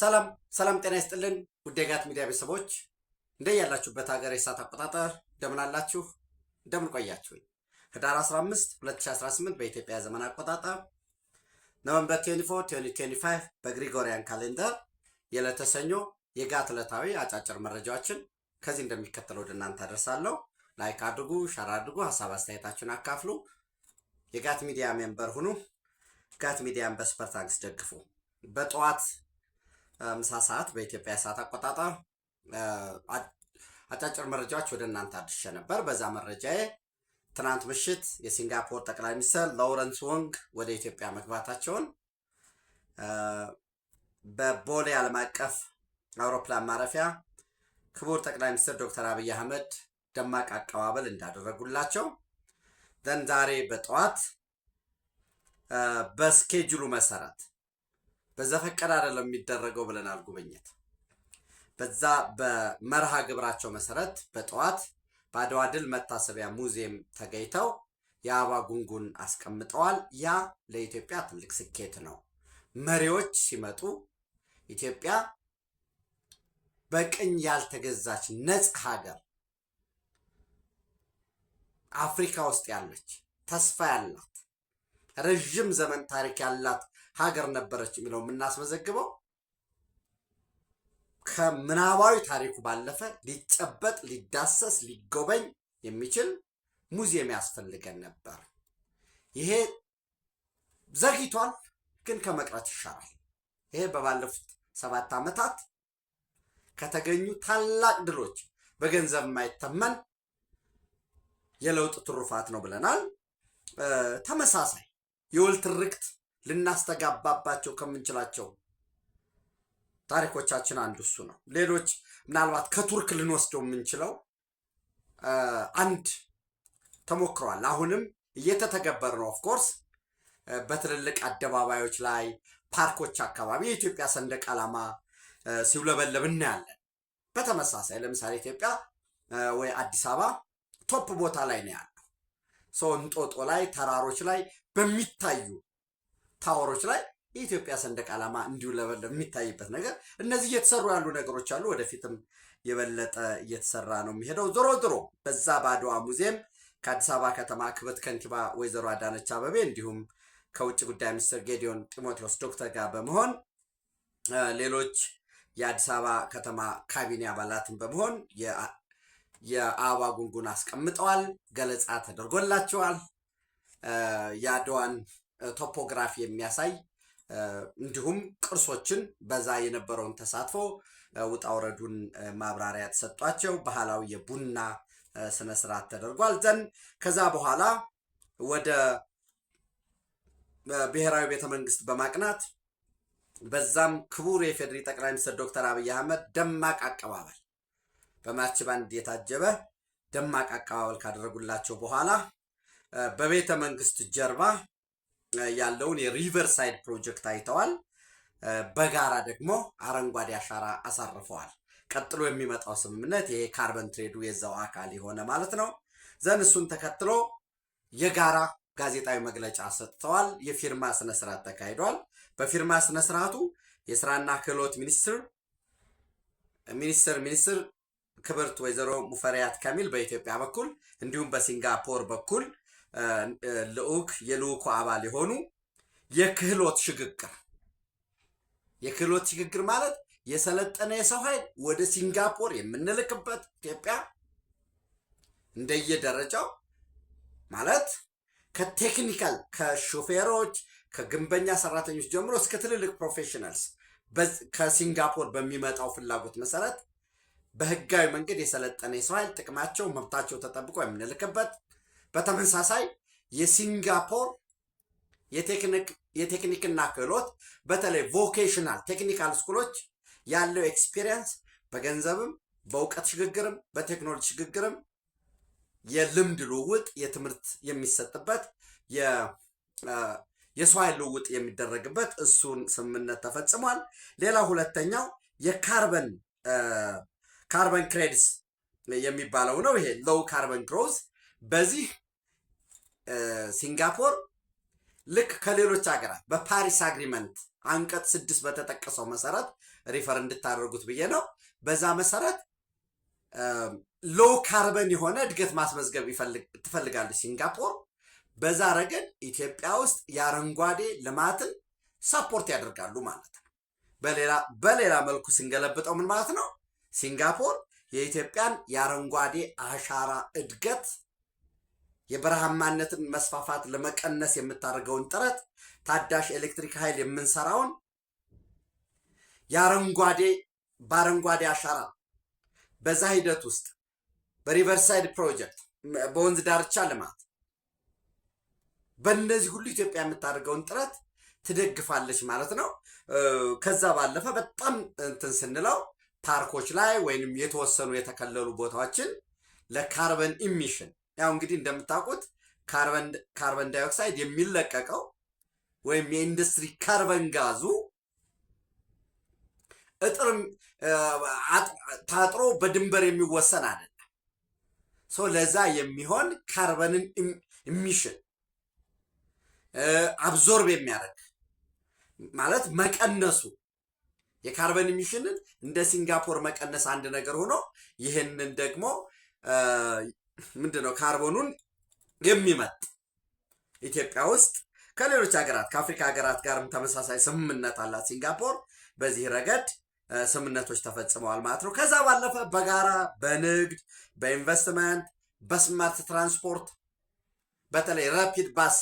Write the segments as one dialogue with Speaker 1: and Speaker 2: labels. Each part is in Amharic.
Speaker 1: ሰላም ሰላም፣ ጤና ይስጥልን ውደጋት ሚዲያ ቤተሰቦች እንደ ያላችሁበት ሀገር የሰዓት አቆጣጠር እንደምን አላችሁ? እንደምን ቆያችሁኝ? ህዳር 15 2018 በኢትዮጵያ ዘመን አቆጣጠር ኖቨምበር 24 2025 በግሪጎሪያን ካሌንደር የለተሰኞ የጋት ዕለታዊ አጫጭር መረጃዎችን ከዚህ እንደሚከተለው ወደ እናንተ አደርሳለሁ። ላይክ አድርጉ፣ ሻር አድርጉ፣ ሀሳብ አስተያየታችሁን አካፍሉ፣ የጋት ሚዲያ ሜምበር ሁኑ፣ ጋት ሚዲያን በስፐርታንክስ ደግፉ። በጠዋት ምሳ ሰዓት በኢትዮጵያ ሰዓት አቆጣጠር አጫጭር መረጃዎች ወደ እናንተ አድርሼ ነበር። በዛ መረጃዬ ትናንት ምሽት የሲንጋፖር ጠቅላይ ሚኒስትር ሎረንስ ወንግ ወደ ኢትዮጵያ መግባታቸውን በቦሌ ዓለም አቀፍ አውሮፕላን ማረፊያ ክቡር ጠቅላይ ሚኒስትር ዶክተር አብይ አህመድ ደማቅ አቀባበል እንዳደረጉላቸው ዘን ዛሬ በጠዋት በስኬጁሉ መሰረት በዘፈቀድ አይደለም የሚደረገው ብለናል። ጉብኝት በዛ በመርሃ ግብራቸው መሰረት በጠዋት በአድዋ ድል መታሰቢያ ሙዚየም ተገኝተው የአበባ ጉንጉን አስቀምጠዋል። ያ ለኢትዮጵያ ትልቅ ስኬት ነው። መሪዎች ሲመጡ ኢትዮጵያ በቅኝ ያልተገዛች ነጻ ሀገር አፍሪካ ውስጥ ያለች ተስፋ ያላት ረዥም ዘመን ታሪክ ያላት ሀገር ነበረች የሚለው የምናስመዘግበው ከምናባዊ ታሪኩ ባለፈ ሊጨበጥ፣ ሊዳሰስ፣ ሊጎበኝ የሚችል ሙዚየም ያስፈልገን ነበር። ይሄ ዘግይቷል፣ ግን ከመቅረት ይሻላል። ይሄ በባለፉት ሰባት ዓመታት ከተገኙ ታላቅ ድሎች በገንዘብ የማይተመን የለውጥ ትሩፋት ነው ብለናል። ተመሳሳይ የወል ትርክት ልናስተጋባባቸው ከምንችላቸው ታሪኮቻችን አንዱ እሱ ነው። ሌሎች ምናልባት ከቱርክ ልንወስደው የምንችለው አንድ ተሞክሯል። አሁንም እየተተገበረ ነው። ኦፍኮርስ በትልልቅ አደባባዮች ላይ፣ ፓርኮች አካባቢ የኢትዮጵያ ሰንደቅ ዓላማ ሲውለበለብ እናያለን። በተመሳሳይ ለምሳሌ ኢትዮጵያ ወይ አዲስ አበባ ቶፕ ቦታ ላይ ነው ያለው ሰው እንጦጦ ላይ ተራሮች ላይ በሚታዩ ታወሮች ላይ የኢትዮጵያ ሰንደቅ ዓላማ እንዲውለበለብ የሚታይበት ነገር እነዚህ እየተሰሩ ያሉ ነገሮች አሉ። ወደፊትም የበለጠ እየተሰራ ነው የሚሄደው። ዞሮ ዞሮ በዛ በአድዋ ሙዚየም ከአዲስ አበባ ከተማ ክብርት ከንቲባ ወይዘሮ አዳነች አበቤ እንዲሁም ከውጭ ጉዳይ ሚኒስትር ጌዲዮን ጢሞቴዎስ ዶክተር ጋር በመሆን ሌሎች የአዲስ አበባ ከተማ ካቢኔ አባላትን በመሆን የአበባ ጉንጉን አስቀምጠዋል። ገለጻ ተደርጎላቸዋል። የአድዋን ቶፖግራፊ የሚያሳይ እንዲሁም ቅርሶችን በዛ የነበረውን ተሳትፎ ውጣውረዱን ማብራሪያ ተሰጧቸው። ባህላዊ የቡና ስነስርዓት ተደርጓል። ዘን ከዛ በኋላ ወደ ብሔራዊ ቤተ መንግስት በማቅናት በዛም ክቡር የፌዴሪ ጠቅላይ ሚኒስትር ዶክተር አብይ አህመድ ደማቅ አቀባበል በማርች ባንድ የታጀበ ደማቅ አቀባበል ካደረጉላቸው በኋላ በቤተ መንግስት ጀርባ ያለውን የሪቨር ሳይድ ፕሮጀክት አይተዋል። በጋራ ደግሞ አረንጓዴ አሻራ አሳርፈዋል። ቀጥሎ የሚመጣው ስምምነት ይሄ ካርበን ትሬዱ የዛው አካል የሆነ ማለት ነው። ዘን እሱን ተከትሎ የጋራ ጋዜጣዊ መግለጫ ሰጥተዋል። የፊርማ ስነስርዓት ተካሂዷል። በፊርማ ስነስርዓቱ የስራና ክህሎት ሚኒስትር ሚኒስትር ሚኒስትር ክብርት ወይዘሮ ሙፈሪያት ከሚል በኢትዮጵያ በኩል እንዲሁም በሲንጋፖር በኩል ልዑክ የልዑኩ አባል የሆኑ የክህሎት ሽግግር የክህሎት ሽግግር ማለት የሰለጠነ የሰው ኃይል ወደ ሲንጋፖር የምንልክበት ኢትዮጵያ እንደየደረጃው ማለት ከቴክኒካል ከሾፌሮች ከግንበኛ ሰራተኞች ጀምሮ እስከ ትልልቅ ፕሮፌሽናልስ ከሲንጋፖር በሚመጣው ፍላጎት መሰረት በህጋዊ መንገድ የሰለጠነ የሰው ኃይል ጥቅማቸው፣ መብታቸው ተጠብቆ የምንልክበት በተመሳሳይ የሲንጋፖር የቴክኒክና ክህሎት በተለይ ቮኬሽናል ቴክኒካል ስኩሎች ያለው ኤክስፒሪየንስ በገንዘብም በእውቀት ሽግግርም በቴክኖሎጂ ሽግግርም የልምድ ልውውጥ የትምህርት የሚሰጥበት የሰው ኃይል ልውውጥ የሚደረግበት እሱን ስምምነት ተፈጽሟል። ሌላ ሁለተኛው የካርበን ካርበን ክሬዲትስ የሚባለው ነው። ይሄ ሎው ካርበን ክሮዝ በዚህ ሲንጋፖር ልክ ከሌሎች ሀገራት በፓሪስ አግሪመንት አንቀጽ ስድስት በተጠቀሰው መሰረት ሪፈር እንድታደርጉት ብዬ ነው። በዛ መሰረት ሎው ካርበን የሆነ እድገት ማስመዝገብ ትፈልጋለች ሲንጋፖር። በዛ ረገድ ኢትዮጵያ ውስጥ የአረንጓዴ ልማትን ሰፖርት ያደርጋሉ ማለት ነው። በሌላ በሌላ መልኩ ስንገለብጠው ምን ማለት ነው? ሲንጋፖር የኢትዮጵያን የአረንጓዴ አሻራ እድገት የበረሃማነትን መስፋፋት ለመቀነስ የምታደርገውን ጥረት ታዳሽ ኤሌክትሪክ ኃይል የምንሰራውን የአረንጓዴ በአረንጓዴ አሻራ በዛ ሂደት ውስጥ በሪቨርሳይድ ፕሮጀክት በወንዝ ዳርቻ ልማት በእነዚህ ሁሉ ኢትዮጵያ የምታደርገውን ጥረት ትደግፋለች ማለት ነው። ከዛ ባለፈ በጣም እንትን ስንለው ፓርኮች ላይ ወይም የተወሰኑ የተከለሉ ቦታዎችን ለካርበን ኢሚሽን ያው እንግዲህ እንደምታውቁት ካርበን ዳይኦክሳይድ የሚለቀቀው ወይም የኢንዱስትሪ ካርበን ጋዙ እጥር ታጥሮ በድንበር የሚወሰን አይደለም። ሶ ለዛ የሚሆን ካርበንን ኢሚሽን አብዞርብ የሚያደርግ ማለት መቀነሱ የካርበን ኢሚሽንን እንደ ሲንጋፖር መቀነስ አንድ ነገር ሆኖ ይህንን ደግሞ ምንድን ነው ካርቦኑን የሚመጥ ኢትዮጵያ ውስጥ ከሌሎች ሀገራት ከአፍሪካ ሀገራት ጋርም ተመሳሳይ ስምምነት አላት ሲንጋፖር። በዚህ ረገድ ስምምነቶች ተፈጽመዋል ማለት ነው። ከዛ ባለፈ በጋራ በንግድ በኢንቨስትመንት በስማርት ትራንስፖርት በተለይ ራፒድ ባስ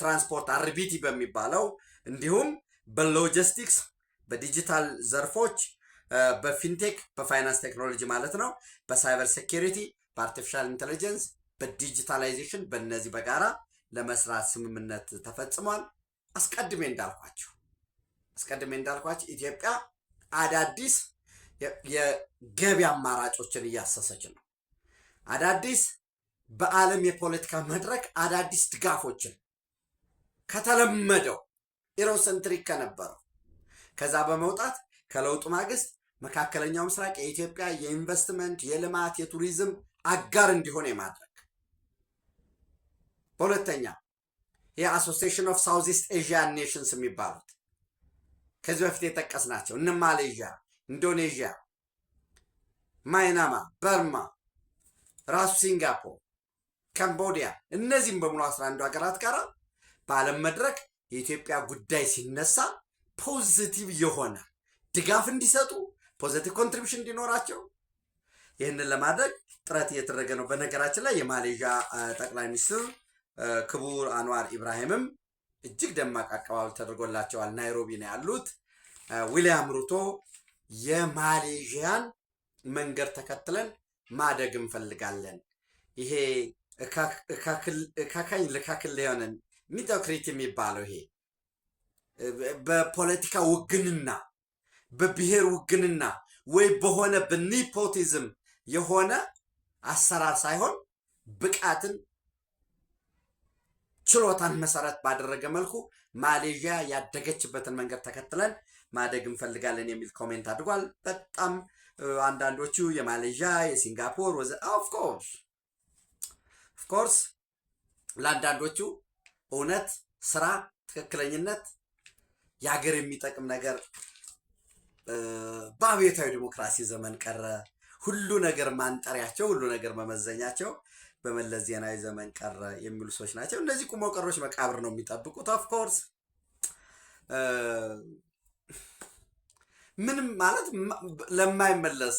Speaker 1: ትራንስፖርት አርቢቲ በሚባለው እንዲሁም በሎጂስቲክስ በዲጂታል ዘርፎች በፊንቴክ በፋይናንስ ቴክኖሎጂ ማለት ነው በሳይበር ሴኪሪቲ በአርቲፊሻል ኢንቴሊጀንስ በዲጂታላይዜሽን በእነዚህ በጋራ ለመስራት ስምምነት ተፈጽሟል። አስቀድሜ እንዳልኳቸው አስቀድሜ እንዳልኳቸው ኢትዮጵያ አዳዲስ የገቢ አማራጮችን እያሰሰች ነው። አዳዲስ በዓለም የፖለቲካ መድረክ አዳዲስ ድጋፎችን ከተለመደው ኢሮሰንትሪክ ከነበረው ከዛ በመውጣት ከለውጡ ማግስት መካከለኛው ምስራቅ የኢትዮጵያ የኢንቨስትመንት፣ የልማት፣ የቱሪዝም አጋር እንዲሆን የማድረግ በሁለተኛ የአሶሲሽን ኦፍ ሳውዝ ኤዥያ ኤዥያን ኔሽንስ የሚባሉት ከዚህ በፊት ናቸው እነ ማሌዥያ፣ ኢንዶኔዥያ፣ ማይናማ፣ በርማ፣ ራሱ ሲንጋፖር፣ ካምቦዲያ እነዚህም በሙሉ አስራ አንዱ ሀገራት ጋር በዓለም መድረክ የኢትዮጵያ ጉዳይ ሲነሳ ፖዚቲቭ የሆነ ድጋፍ እንዲሰጡ ፖዘቲቭ ኮንትሪቢሽን እንዲኖራቸው ይህንን ለማድረግ ጥረት እየተደረገ ነው። በነገራችን ላይ የማሌዥያ ጠቅላይ ሚኒስትር ክቡር አንዋር ኢብራሂምም እጅግ ደማቅ አቀባበል ተደርጎላቸዋል። ናይሮቢ ነው ያሉት። ዊሊያም ሩቶ የማሌዥያን መንገድ ተከትለን ማደግ እንፈልጋለን። ይሄ እካካኝ ልካክል ሊሆንን ሚቶክሪት የሚባለው ይሄ በፖለቲካ ውግንና በብሔር ውግንና ወይ በሆነ በኒፖቲዝም የሆነ አሰራር ሳይሆን ብቃትን፣ ችሎታን መሰረት ባደረገ መልኩ ማሌዥያ ያደገችበትን መንገድ ተከትለን ማደግ እንፈልጋለን የሚል ኮሜንት አድርጓል። በጣም አንዳንዶቹ የማሌዥያ የሲንጋፖር ወዘ ኦፍኮርስ ኦፍኮርስ ለአንዳንዶቹ እውነት ስራ፣ ትክክለኝነት፣ የሀገር የሚጠቅም ነገር በአብዮታዊ ዲሞክራሲ ዘመን ቀረ ሁሉ ነገር ማንጠሪያቸው፣ ሁሉ ነገር መመዘኛቸው በመለስ ዜናዊ ዘመን ቀረ የሚሉ ሰዎች ናቸው። እነዚህ ቁሞ ቀሮች መቃብር ነው የሚጠብቁት። ኦፍኮርስ ምንም ማለት ለማይመለስ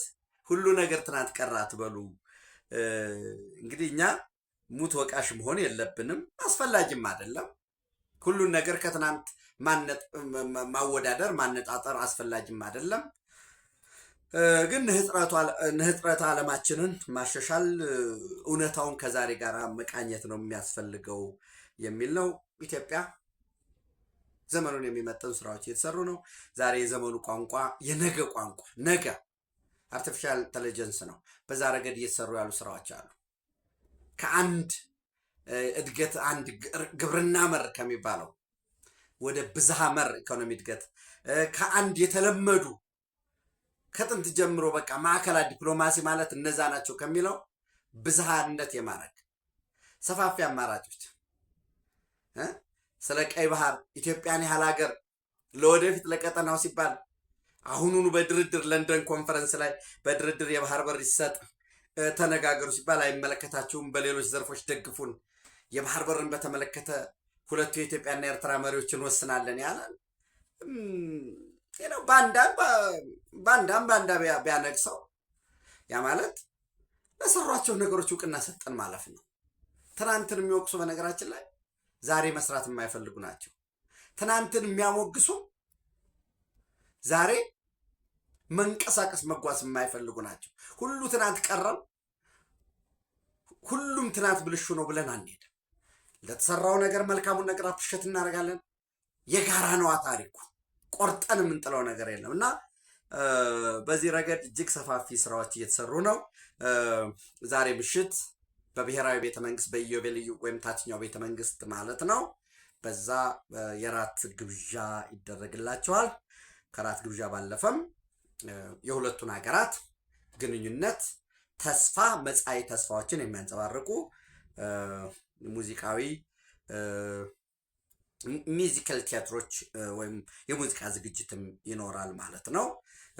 Speaker 1: ሁሉ ነገር ትናንት ቀረ አትበሉ። እንግዲህ እኛ ሙት ወቃሽ መሆን የለብንም፣ አስፈላጊም አይደለም። ሁሉን ነገር ከትናንት ማወዳደር ማነጣጠር አስፈላጊም አይደለም። ግን ንህጽረተ ዓለማችንን ማሻሻል እውነታውን ከዛሬ ጋር መቃኘት ነው የሚያስፈልገው የሚል ነው። ኢትዮጵያ ዘመኑን የሚመጠኑ ስራዎች እየተሰሩ ነው። ዛሬ የዘመኑ ቋንቋ የነገ ቋንቋ ነገ አርቲፊሻል ኢንተለጀንስ ነው። በዛ ረገድ እየተሰሩ ያሉ ስራዎች አሉ። ከአንድ እድገት አንድ ግብርና መር ከሚባለው ወደ ብዝሃ መር ኢኮኖሚ እድገት ከአንድ የተለመዱ ከጥንት ጀምሮ በቃ ማዕከላት ዲፕሎማሲ ማለት እነዛ ናቸው ከሚለው ብዝሃነት የማድረግ ሰፋፊ አማራጮች ስለ ቀይ ባህር ኢትዮጵያን ያህል ሀገር ለወደፊት ለቀጠናው ሲባል አሁኑኑ በድርድር ለንደን ኮንፈረንስ ላይ በድርድር የባህር በር ይሰጥ ተነጋገሩ ሲባል አይመለከታችሁም፣ በሌሎች ዘርፎች ደግፉን፣ የባህር በርን በተመለከተ ሁለቱ የኢትዮጵያና የኤርትራ መሪዎች እንወስናለን ያለን ሌላው ባንዳም ባንዳም ባንዳ ቢያነግሰው ያ ማለት ለሰሯቸው ነገሮች እውቅና ሰጠን ማለፍ ነው። ትናንትን የሚወቅሱ በነገራችን ላይ ዛሬ መስራት የማይፈልጉ ናቸው። ትናንትን የሚያሞግሱ ዛሬ መንቀሳቀስ መጓዝ የማይፈልጉ ናቸው። ሁሉ ትናንት ቀረም፣ ሁሉም ትናንት ብልሹ ነው ብለን አንሄድም። ለተሰራው ነገር መልካሙን ነገር አፕሪሼት እናደርጋለን። የጋራ ነዋ ታሪኩ። ቆርጠን የምንጥለው ነገር የለም እና በዚህ ረገድ እጅግ ሰፋፊ ስራዎች እየተሰሩ ነው። ዛሬ ምሽት በብሔራዊ ቤተመንግስት በኢዮቤልዩ ወይም ታችኛው ቤተመንግስት ማለት ነው። በዛ የራት ግብዣ ይደረግላቸዋል። ከራት ግብዣ ባለፈም የሁለቱን ሀገራት ግንኙነት ተስፋ መጻኢ ተስፋዎችን የሚያንጸባርቁ ሙዚቃዊ ሚዚካል ቲያትሮች ወይም የሙዚቃ ዝግጅትም ይኖራል ማለት ነው።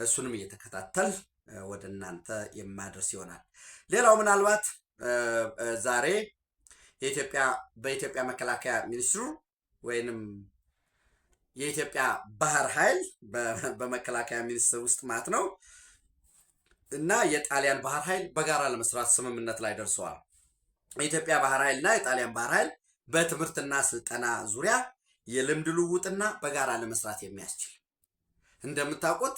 Speaker 1: እሱንም እየተከታተል ወደ እናንተ የማደርስ ይሆናል። ሌላው ምናልባት ዛሬ የኢትዮጵያ በኢትዮጵያ መከላከያ ሚኒስትሩ ወይንም የኢትዮጵያ ባህር ኃይል በመከላከያ ሚኒስትር ውስጥ ማለት ነው እና የጣሊያን ባህር ኃይል በጋራ ለመስራት ስምምነት ላይ ደርሰዋል። የኢትዮጵያ ባህር ኃይል እና የጣሊያን ባህር ኃይል በትምህርትና ስልጠና ዙሪያ የልምድ ልውውጥና በጋራ ለመስራት የሚያስችል እንደምታውቁት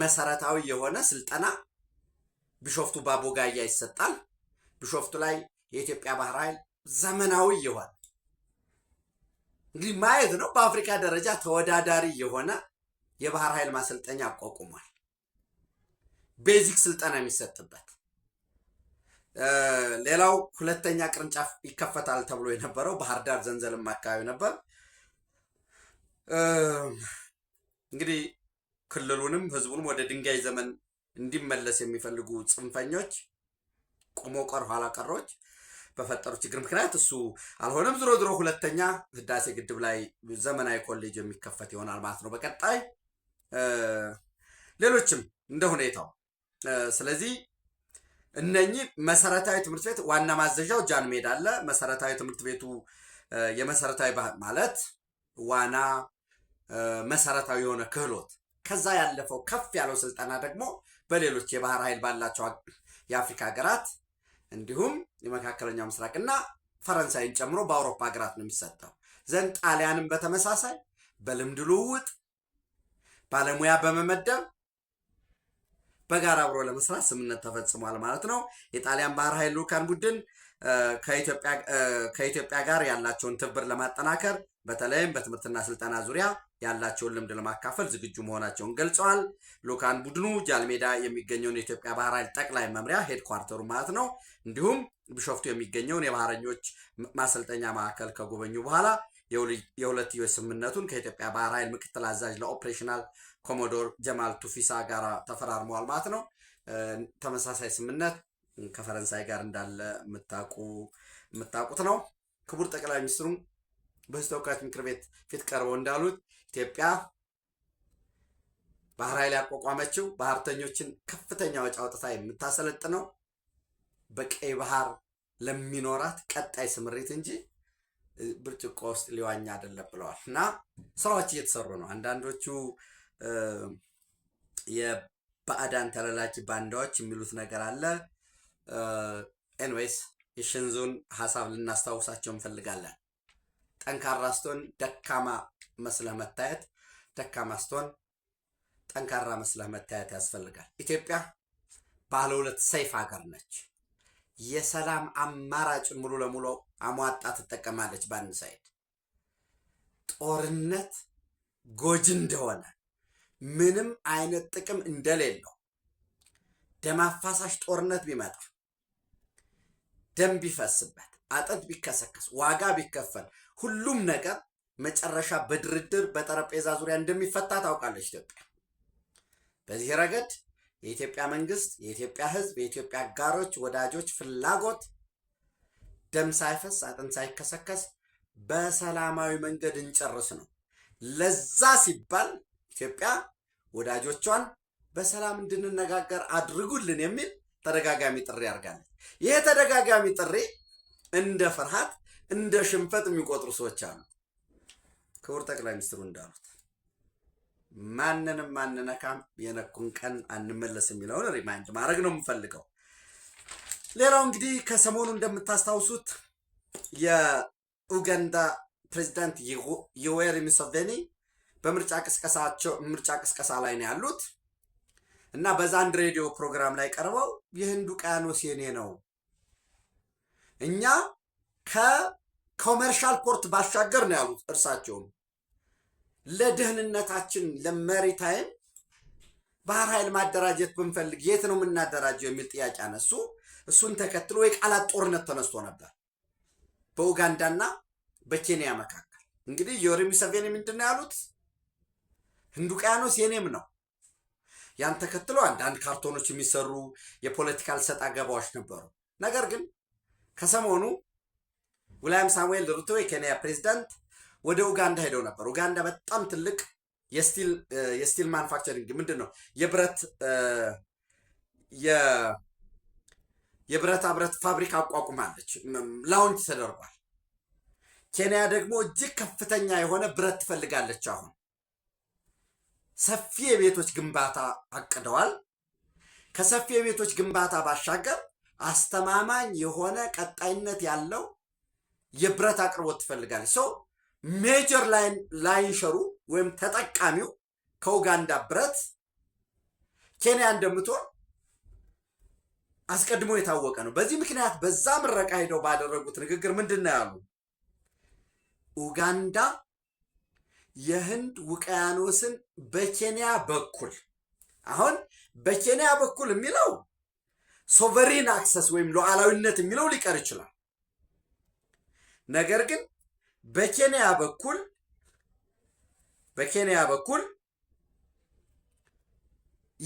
Speaker 1: መሰረታዊ የሆነ ስልጠና ቢሾፍቱ በአቦጋያ ይሰጣል። ቢሾፍቱ ላይ የኢትዮጵያ ባህር ኃይል ዘመናዊ የሆነ እንግዲህ ማየት ነው። በአፍሪካ ደረጃ ተወዳዳሪ የሆነ የባህር ኃይል ማሰልጠኛ አቋቁሟል። ቤዚክ ስልጠና የሚሰጥበት ሌላው ሁለተኛ ቅርንጫፍ ይከፈታል ተብሎ የነበረው ባህር ዳር ዘንዘልማ አካባቢ ነበር። እንግዲህ ክልሉንም ህዝቡንም ወደ ድንጋይ ዘመን እንዲመለስ የሚፈልጉ ጽንፈኞች፣ ቆሞ ቀር ኋላ ቀሮች በፈጠሩት ችግር ምክንያት እሱ አልሆነም። ዝሮ ዝሮ ሁለተኛ ህዳሴ ግድብ ላይ ዘመናዊ ኮሌጅ የሚከፈት ይሆናል ማለት ነው በቀጣይ ሌሎችም እንደ ሁኔታው ስለዚህ እነኚህ መሰረታዊ ትምህርት ቤት ዋና ማዘዣው ጃን ሜዳ አለ። መሰረታዊ ትምህርት ቤቱ የመሰረታዊ ባህል ማለት ዋና መሰረታዊ የሆነ ክህሎት፣ ከዛ ያለፈው ከፍ ያለው ስልጠና ደግሞ በሌሎች የባህር ኃይል ባላቸው የአፍሪካ ሀገራት እንዲሁም የመካከለኛው ምስራቅ እና ፈረንሳይን ጨምሮ በአውሮፓ ሀገራት ነው የሚሰጠው ዘንድ ጣሊያንም በተመሳሳይ በልምድ ልውውጥ ባለሙያ በመመደብ በጋራ አብሮ ለመስራት ስምምነት ተፈጽሟል ማለት ነው። የጣሊያን ባህር ኃይል ልዑካን ቡድን ከኢትዮጵያ ጋር ያላቸውን ትብብር ለማጠናከር በተለይም በትምህርትና ስልጠና ዙሪያ ያላቸውን ልምድ ለማካፈል ዝግጁ መሆናቸውን ገልጸዋል። ልዑካን ቡድኑ ጃልሜዳ የሚገኘውን የኢትዮጵያ ባህር ኃይል ጠቅላይ መምሪያ ሄድኳርተሩ ማለት ነው እንዲሁም ቢሾፍቱ የሚገኘውን የባህረኞች ማሰልጠኛ ማዕከል ከጎበኙ በኋላ የሁለትዮሽ ስምምነቱን ከኢትዮጵያ ባህር ኃይል ምክትል አዛዥ ለኦፕሬሽናል ኮሞዶር ጀማል ቱፊሳ ጋር ተፈራርመዋል ማለት ነው። ተመሳሳይ ስምምነት ከፈረንሳይ ጋር እንዳለ የምታውቁት ነው። ክቡር ጠቅላይ ሚኒስትሩ በሕዝብ ተወካዮች ምክር ቤት ፊት ቀርበው እንዳሉት ኢትዮጵያ ባህር ኃይል ያቋቋመችው ባህርተኞችን ከፍተኛ ወጪ አውጥታ የምታሰለጥነው በቀይ ባህር ለሚኖራት ቀጣይ ስምሪት እንጂ ብርጭቆ ውስጥ ሊዋኝ አይደለም ብለዋል። እና ስራዎች እየተሰሩ ነው። አንዳንዶቹ የባዕዳን ተላላኪ ባንዳዎች የሚሉት ነገር አለ። ኤንዌይስ የሽንዙን ሀሳብ ልናስታውሳቸው እንፈልጋለን። ጠንካራ ስትሆን ደካማ መስለህ መታየት፣ ደካማ ስትሆን ጠንካራ መስለህ መታየት ያስፈልጋል። ኢትዮጵያ ባለ ሁለት ሰይፍ ሀገር ነች። የሰላም አማራጭን ሙሉ ለሙሉ አሟጣ ትጠቀማለች። በአንድ ሳይድ ጦርነት ጎጂ እንደሆነ ምንም አይነት ጥቅም እንደሌለው ደም አፋሳሽ ጦርነት ቢመጣ ደም ቢፈስበት አጥንት ቢከሰከስ ዋጋ ቢከፈል ሁሉም ነገር መጨረሻ በድርድር በጠረጴዛ ዙሪያ እንደሚፈታ ታውቃለች ኢትዮጵያ። በዚህ ረገድ የኢትዮጵያ መንግስት፣ የኢትዮጵያ ህዝብ የኢትዮጵያ አጋሮች፣ ወዳጆች ፍላጎት ደም ሳይፈስ አጥንት ሳይከሰከስ በሰላማዊ መንገድ እንጨርስ ነው። ለዛ ሲባል ኢትዮጵያ ወዳጆቿን በሰላም እንድንነጋገር አድርጉልን የሚል ተደጋጋሚ ጥሪ አድርጋለች። ይሄ ተደጋጋሚ ጥሪ እንደ ፍርሃት፣ እንደ ሽንፈት የሚቆጥሩ ሰዎች አሉ። ክቡር ጠቅላይ ሚኒስትሩ እንዳሉት ማንንም ማንነካም፣ የነኩን ቀን አንመለስ የሚለውን ሪማይንድ ማድረግ ነው የምፈልገው። ሌላው እንግዲህ ከሰሞኑ እንደምታስታውሱት የኡጋንዳ ፕሬዚዳንት ዮዌሪ ሙሴቬኒ በምርጫ ቅስቀሳቸው ምርጫ ቅስቀሳ ላይ ነው ያሉት እና በዛንድ ሬዲዮ ፕሮግራም ላይ ቀርበው የህንዱ ውቅያኖስ የኔ ነው፣ እኛ ከኮመርሻል ፖርት ባሻገር ነው ያሉት። እርሳቸውም ለደህንነታችን ለመሪታይም ባህር ኃይል ማደራጀት ብንፈልግ የት ነው የምናደራጀው የሚል ጥያቄ አነሱ። እሱን ተከትሎ የቃላት ጦርነት ተነስቶ ነበር በኡጋንዳና በኬንያ መካከል። እንግዲህ ዮዌሪ ሙሴቬኒ ምንድን ነው ያሉት? ህንዱቅያኖስ የኔም ነው። ያን ተከትሎ አንዳንድ ካርቶኖች የሚሰሩ የፖለቲካል ሰጣ አገባዎች ነበሩ። ነገር ግን ከሰሞኑ ዊልያም ሳሙኤል ሩቶ የኬንያ ፕሬዚዳንት ወደ ኡጋንዳ ሄደው ነበር። ኡጋንዳ በጣም ትልቅ የስቲል ማኑፋክቸሪንግ ምንድን ነው የብረት የብረታ ብረት ፋብሪካ አቋቁማለች። ላውንች ተደርጓል። ኬንያ ደግሞ እጅግ ከፍተኛ የሆነ ብረት ትፈልጋለች አሁን ሰፊ የቤቶች ግንባታ አቅደዋል። ከሰፊ የቤቶች ግንባታ ባሻገር አስተማማኝ የሆነ ቀጣይነት ያለው የብረት አቅርቦት ትፈልጋለች። ሰው ሜጀር ላይንሸሩ ወይም ተጠቃሚው ከኡጋንዳ ብረት ኬንያ እንደምትሆን አስቀድሞ የታወቀ ነው። በዚህ ምክንያት በዛ ምረቃ ሄደው ባደረጉት ንግግር ምንድን ነው ያሉ ኡጋንዳ የህንድ ውቅያኖስን በኬንያ በኩል አሁን በኬንያ በኩል የሚለው ሶቨሪን አክሰስ ወይም ሉዓላዊነት የሚለው ሊቀር ይችላል። ነገር ግን በኬንያ በኩል በኬንያ በኩል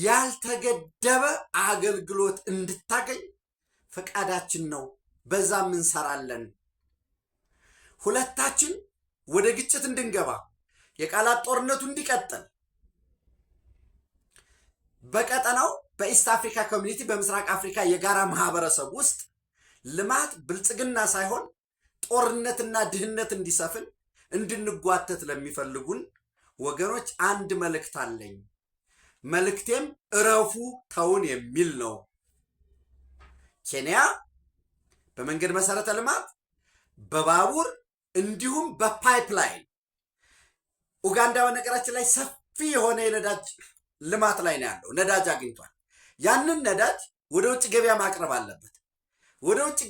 Speaker 1: ያልተገደበ አገልግሎት እንድታገኝ ፈቃዳችን ነው። በዛም እንሰራለን። ሁለታችን ወደ ግጭት እንድንገባ የቃላት ጦርነቱ እንዲቀጥል በቀጠናው በኢስት አፍሪካ ኮሚኒቲ በምስራቅ አፍሪካ የጋራ ማህበረሰብ ውስጥ ልማት ብልጽግና ሳይሆን ጦርነትና ድህነት እንዲሰፍን እንድንጓተት ለሚፈልጉን ወገኖች አንድ መልእክት አለኝ። መልእክቴም እረፉ ተውን የሚል ነው። ኬንያ በመንገድ መሰረተ ልማት፣ በባቡር እንዲሁም በፓይፕላይን ኡጋንዳ በነገራችን ላይ ሰፊ የሆነ የነዳጅ ልማት ላይ ነው ያለው። ነዳጅ አግኝቷል። ያንን ነዳጅ ወደ ውጭ ገበያ ማቅረብ አለበት። ወደ ውጭ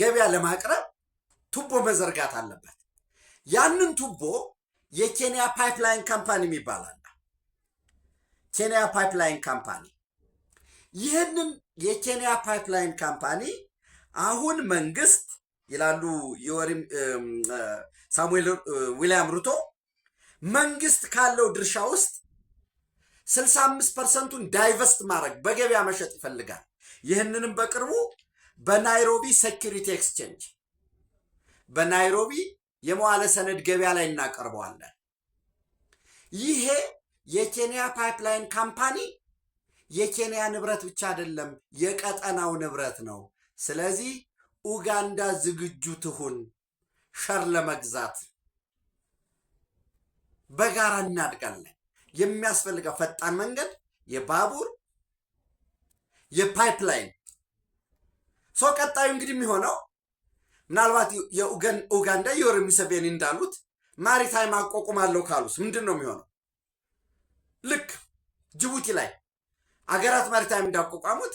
Speaker 1: ገበያ ለማቅረብ ቱቦ መዘርጋት አለበት። ያንን ቱቦ የኬንያ ፓይፕላይን ካምፓኒ ይባላል። ኬንያ ፓይፕላይን ካምፓኒ ይህንን የኬንያ ፓይፕላይን ካምፓኒ አሁን መንግስት ይላሉ የወሪም ሳሙኤል ዊልያም ሩቶ መንግስት ካለው ድርሻ ውስጥ 65 ፐርሰንቱን ዳይቨስት ማድረግ በገበያ መሸጥ ይፈልጋል። ይህንንም በቅርቡ በናይሮቢ ሴኪሪቲ ኤክስቼንጅ በናይሮቢ የመዋለ ሰነድ ገበያ ላይ እናቀርበዋለን። ይሄ የኬንያ ፓይፕላይን ካምፓኒ የኬንያ ንብረት ብቻ አይደለም፣ የቀጠናው ንብረት ነው። ስለዚህ ኡጋንዳ ዝግጁ ትሁን ሸር ለመግዛት በጋራ እናድጋለን። የሚያስፈልገው ፈጣን መንገድ፣ የባቡር የፓይፕላይን ሰው። ቀጣዩ እንግዲህ የሚሆነው ምናልባት የኡጋንዳ ዮዌሪ ሙሴቬኒ እንዳሉት ማሪታይም አቋቁማለሁ ካሉስ ምንድን ነው የሚሆነው? ልክ ጅቡቲ ላይ አገራት ማሪታይም እንዳቋቋሙት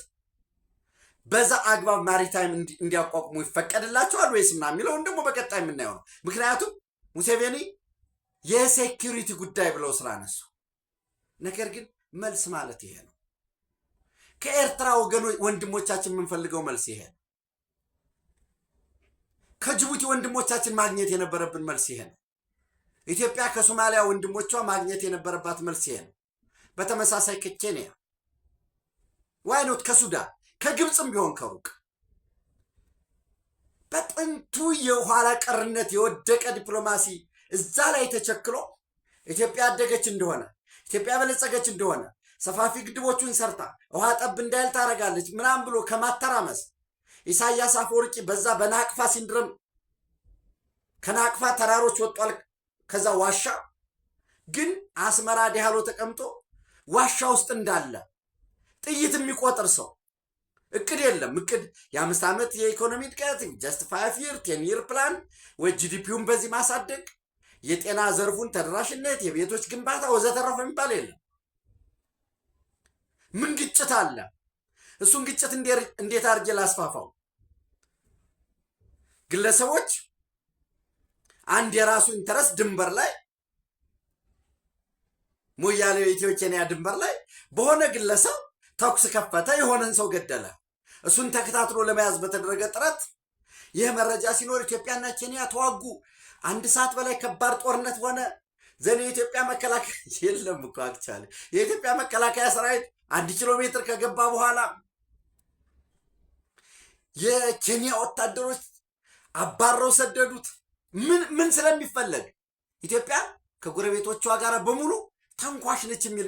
Speaker 1: በዛ አግባብ ማሪታይም እንዲያቋቁሙ ይፈቀድላቸዋል ወይስ ምናምን የሚለውን ደግሞ በቀጣይ የምናየው ነው። ምክንያቱም ሙሴቬኒ የሴኪሪቲ ጉዳይ ብለው ስላነሱ ነገር ግን መልስ ማለት ይሄ ነው። ከኤርትራ ወገኖ ወንድሞቻችን የምንፈልገው መልስ ይሄ ነው። ከጅቡቲ ወንድሞቻችን ማግኘት የነበረብን መልስ ይሄ ነው። ኢትዮጵያ ከሶማሊያ ወንድሞቿ ማግኘት የነበረባት መልስ ይሄ ነው። በተመሳሳይ ከኬንያ ዋይኖት፣ ከሱዳን፣ ከግብፅም ቢሆን ከሩቅ በጥንቱ የኋላ ቀርነት የወደቀ ዲፕሎማሲ እዛ ላይ ተቸክሎ ኢትዮጵያ ያደገች እንደሆነ ኢትዮጵያ በለጸገች እንደሆነ ሰፋፊ ግድቦቹን ሰርታ ውሃ ጠብ እንዳይል ታደርጋለች ምናምን ብሎ ከማተራመስ ኢሳያስ አፈወርቂ በዛ በናቅፋ ሲንድረም ከናቅፋ ተራሮች ወጧል። ከዛ ዋሻ ግን አስመራ ዲያሎ ተቀምጦ ዋሻ ውስጥ እንዳለ ጥይት የሚቆጥር ሰው እቅድ የለም። እቅድ የአምስት ዓመት የኢኮኖሚ እድገት ጀስት ፋይቭ ይር ቴን ይር ፕላን ወይ ጂዲፒውን በዚህ ማሳደግ የጤና ዘርፉን ተደራሽነት፣ የቤቶች ግንባታ ወዘተረፈ የሚባል የለም። ምን ግጭት አለ? እሱን ግጭት እንዴት አድርጌ ላስፋፋው? ግለሰቦች አንድ የራሱ ኢንተረስት ድንበር ላይ ሞያሌ ኢትዮ ኬንያ ድንበር ላይ በሆነ ግለሰብ ተኩስ ከፈተ፣ የሆነን ሰው ገደለ። እሱን ተከታትሎ ለመያዝ በተደረገ ጥረት ይህ መረጃ ሲኖር ኢትዮጵያና ኬንያ ተዋጉ አንድ ሰዓት በላይ ከባድ ጦርነት ሆነ። ዘን የኢትዮጵያ መከላከያ የለም እኮ አክቻለ የኢትዮጵያ መከላከያ ሰራዊት አንድ ኪሎ ሜትር ከገባ በኋላ የኬንያ ወታደሮች አባረው ሰደዱት። ምን ምን ስለሚፈለግ ኢትዮጵያ ከጎረቤቶቿ ጋር በሙሉ ተንኳሽ ነች የሚል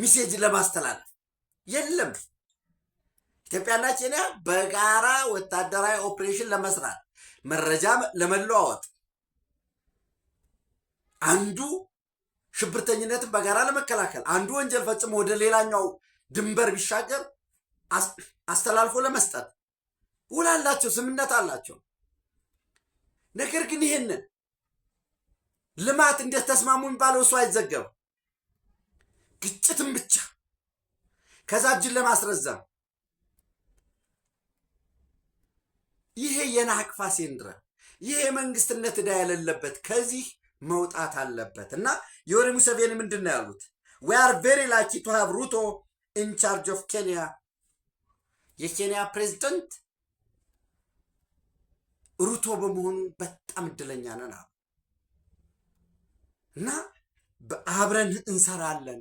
Speaker 1: ሚሴጅ ለማስተላለፍ የለም። ኢትዮጵያና ኬንያ በጋራ ወታደራዊ ኦፕሬሽን ለመስራት መረጃ ለመለዋወጥ አንዱ ሽብርተኝነትን በጋራ ለመከላከል አንዱ ወንጀል ፈጽሞ ወደ ሌላኛው ድንበር ቢሻገር አስተላልፎ ለመስጠት ውል አላቸው፣ ስምነት አላቸው። ነገር ግን ይህንን ልማት እንዴት ተስማሙ የሚባለው እሱ አይዘገብም። ግጭትም ብቻ ከዛ እጅን ለማስረዘም ይሄ የናቅፋ ሴንድረም ይሄ የመንግስትነት ዕዳ የሌለበት ከዚህ መውጣት አለበት እና የወሬ ሙሴቬኒ ምንድን ነው ያሉት? ዊ አር ቬሪ ላኪ ቱ ሃቭ ሩቶ ኢን ቻርጅ ኦፍ ኬንያ። የኬንያ ፕሬዚደንት ሩቶ በመሆኑ በጣም እድለኛ ነን አሉ እና አብረን እንሰራለን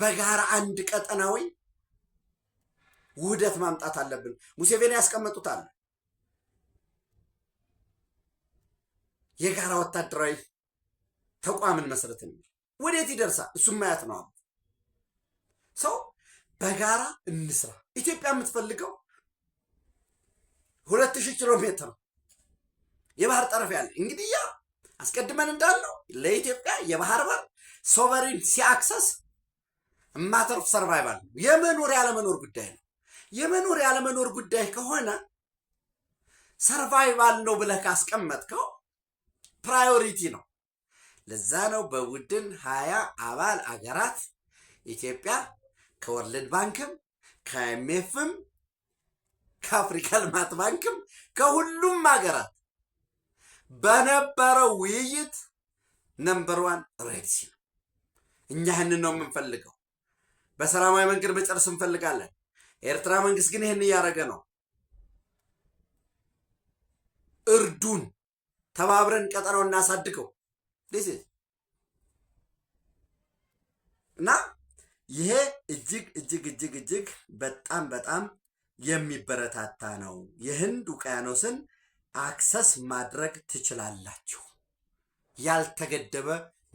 Speaker 1: በጋራ አንድ ቀጠናዊ ውህደት ማምጣት አለብን። ሙሴቬኒ ያስቀመጡታል። የጋራ ወታደራዊ ተቋምን መሰረት የሚል ወዴት ይደርሳል? እሱ ማያት ነው ሰው በጋራ እንስራ። ኢትዮጵያ የምትፈልገው ሁለት ሺህ ኪሎ ሜትር የባህር ጠረፍ ያለ እንግዲህ ያ አስቀድመን እንዳልነው ለኢትዮጵያ የባህር በር ሶቨሪን ሲአክሰስ ማተርፍ ሰርቫይቫል ነው። የመኖር ያለመኖር ጉዳይ ነው። የመኖር ያለመኖር ጉዳይ ከሆነ ሰርቫይቫል ነው ብለህ ካስቀመጥከው ፕራዮሪቲ ነው። ለዛ ነው በቡድን ሀያ አባል አገራት ኢትዮጵያ ከወርልድ ባንክም ከአይኤምኤፍም ከአፍሪካ ልማት ባንክም ከሁሉም ሀገራት በነበረው ውይይት ነምበር ዋን ሬድሲ ነው። እኛ ይህንን ነው የምንፈልገው። በሰላማዊ መንገድ መጨረስ እንፈልጋለን። የኤርትራ መንግስት ግን ይህን እያደረገ ነው። እርዱን። ተባብረን ቀጠናው እናሳድገው እና ይሄ እጅግ እጅግ እጅግ እጅግ በጣም በጣም የሚበረታታ ነው። የህንድ ውቅያኖስን አክሰስ ማድረግ ትችላላችሁ። ያልተገደበ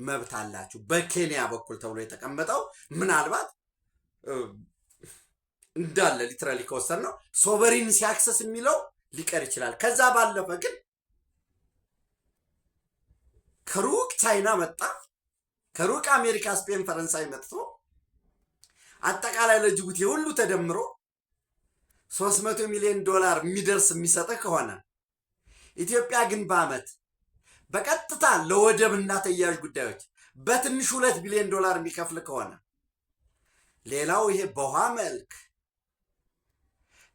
Speaker 1: መብት አላችሁ። በኬንያ በኩል ተብሎ የተቀመጠው ምናልባት እንዳለ ሊትራሊ ከወሰን ነው ሶቨሪን ሲያክሰስ የሚለው ሊቀር ይችላል። ከዛ ባለፈ ግን ከሩቅ ቻይና መጣ፣ ከሩቅ አሜሪካ፣ ስፔን፣ ፈረንሳይ መጥቶ አጠቃላይ ለጅቡቲ ሁሉ ተደምሮ 300 ሚሊዮን ዶላር የሚደርስ የሚሰጥህ ከሆነ ኢትዮጵያ ግን በአመት በቀጥታ ለወደብና ተያያዥ ጉዳዮች በትንሹ ሁለት ቢሊዮን ዶላር የሚከፍል ከሆነ ሌላው ይሄ በውሃ መልክ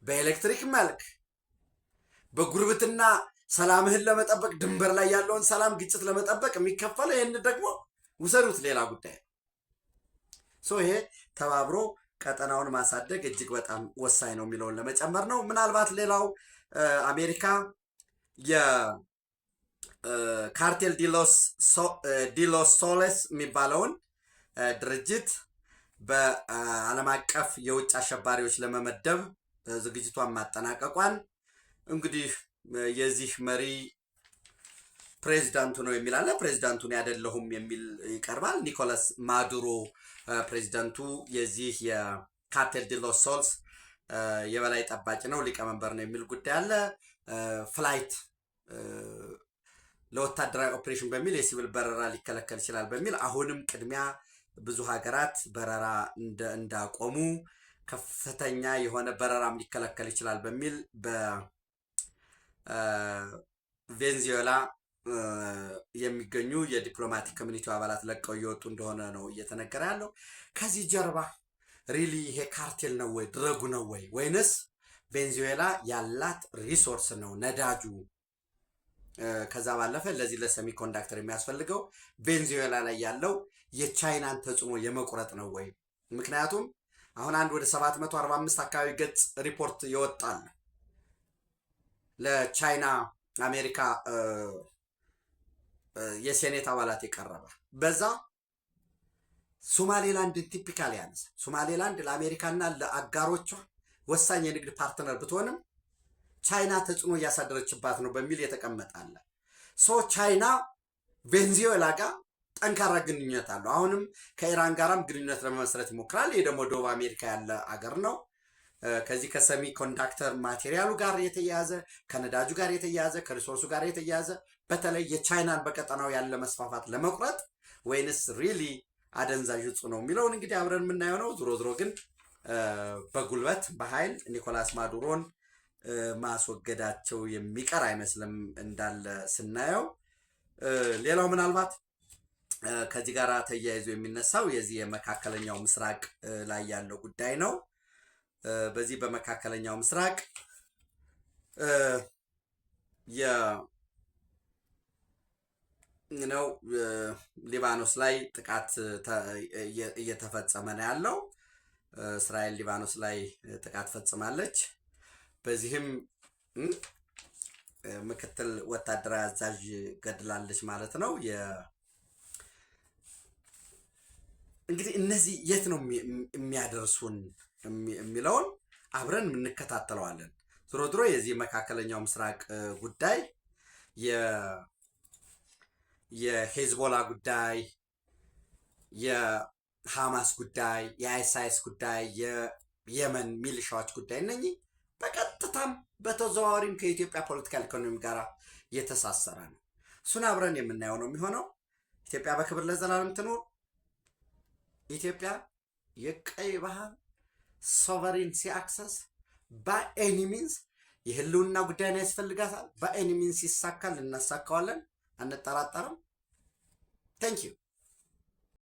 Speaker 1: በኤሌክትሪክ መልክ በጉርብትና ሰላምህን ለመጠበቅ ድንበር ላይ ያለውን ሰላም ግጭት ለመጠበቅ የሚከፈለው ይህን ደግሞ ውሰዱት፣ ሌላ ጉዳይ ነው። ይሄ ተባብሮ ቀጠናውን ማሳደግ እጅግ በጣም ወሳኝ ነው የሚለውን ለመጨመር ነው። ምናልባት ሌላው አሜሪካ የካርቴል ዲሎስ ሶሌስ የሚባለውን ድርጅት በዓለም አቀፍ የውጭ አሸባሪዎች ለመመደብ ዝግጅቷን ማጠናቀቋን እንግዲህ የዚህ መሪ ፕሬዚዳንቱ ነው የሚላለ አለ። ፕሬዚዳንቱ ነው ያደለሁም የሚል ይቀርባል። ኒኮላስ ማዱሮ ፕሬዚዳንቱ የዚህ የካርቴል ዲሎ ሶልስ የበላይ ጠባቂ ነው፣ ሊቀመንበር ነው የሚል ጉዳይ አለ። ፍላይት ለወታደራዊ ኦፕሬሽን በሚል የሲቪል በረራ ሊከለከል ይችላል በሚል አሁንም ቅድሚያ ብዙ ሀገራት በረራ እንዳቆሙ ከፍተኛ የሆነ በረራም ሊከለከል ይችላል በሚል ቬንዙዌላ የሚገኙ የዲፕሎማቲክ ኮሚኒቲው አባላት ለቀው እየወጡ እንደሆነ ነው እየተነገረ ያለው። ከዚህ ጀርባ ሪሊ ይሄ ካርቴል ነው ወይ ድረጉ ነው ወይ ወይንስ ቬንዙዌላ ያላት ሪሶርስ ነው ነዳጁ? ከዛ ባለፈ ለዚህ ለሰሚ ኮንዳክተር የሚያስፈልገው ቬንዙዌላ ላይ ያለው የቻይናን ተጽዕኖ የመቁረጥ ነው ወይ? ምክንያቱም አሁን አንድ ወደ 745 አካባቢ ገጽ ሪፖርት ይወጣል ለቻይና አሜሪካ የሴኔት አባላት የቀረበ በዛ ሶማሌላንድን ቲፒካል ያነሳ። ሶማሌላንድ ለአሜሪካና ለአጋሮቿ ወሳኝ የንግድ ፓርትነር ብትሆንም ቻይና ተጽዕኖ እያሳደረችባት ነው በሚል የተቀመጣለ ሶ ቻይና ቬንዙዌላ ጋር ጠንካራ ግንኙነት አለው። አሁንም ከኢራን ጋራም ግንኙነት ለመመስረት ይሞክራል። ይህ ደግሞ ደቡብ አሜሪካ ያለ አገር ነው። ከዚህ ከሰሚ ኮንዳክተር ማቴሪያሉ ጋር የተያያዘ ከነዳጁ ጋር የተያያዘ ከሪሶርሱ ጋር የተያያዘ በተለይ የቻይናን በቀጠናው ያለ መስፋፋት ለመቁረጥ ወይንስ ሪሊ አደንዛዥ እጽ ነው የሚለውን እንግዲህ አብረን የምናየው ነው። ዝሮ ዝሮ ግን በጉልበት በኃይል ኒኮላስ ማዱሮን ማስወገዳቸው የሚቀር አይመስልም እንዳለ ስናየው። ሌላው ምናልባት ከዚህ ጋር ተያይዞ የሚነሳው የዚህ የመካከለኛው ምስራቅ ላይ ያለው ጉዳይ ነው። በዚህ በመካከለኛው ምስራቅ ነው ሊባኖስ ላይ ጥቃት እየተፈጸመ ነው ያለው። እስራኤል ሊባኖስ ላይ ጥቃት ፈጽማለች። በዚህም ምክትል ወታደራዊ አዛዥ ገድላለች ማለት ነው። እንግዲህ እነዚህ የት ነው የሚያደርሱን? የሚለውን አብረን እንከታተለዋለን። ዞሮ ዞሮ የዚህ መካከለኛው ምስራቅ ጉዳይ የሄዝቦላ ጉዳይ፣ የሃማስ ጉዳይ፣ የአይሳይስ ጉዳይ፣ የየመን ሚሊሻዎች ጉዳይ እነኚህ በቀጥታም በተዘዋዋሪም ከኢትዮጵያ ፖለቲካል ኢኮኖሚ ጋር የተሳሰረ ነው። እሱን አብረን የምናየው ነው የሚሆነው። ኢትዮጵያ በክብር ለዘላለም ትኑር። ኢትዮጵያ የቀይ ባህር ሶቨሪንቲ አክሰስ በኤኒ ሚንስ የህልውና ጉዳይን ያስፈልጋታል። በኤኒ ሚንስ ይሳካል፣ እናሳካዋለን፣ አንጠራጠርም። ታንኪዩ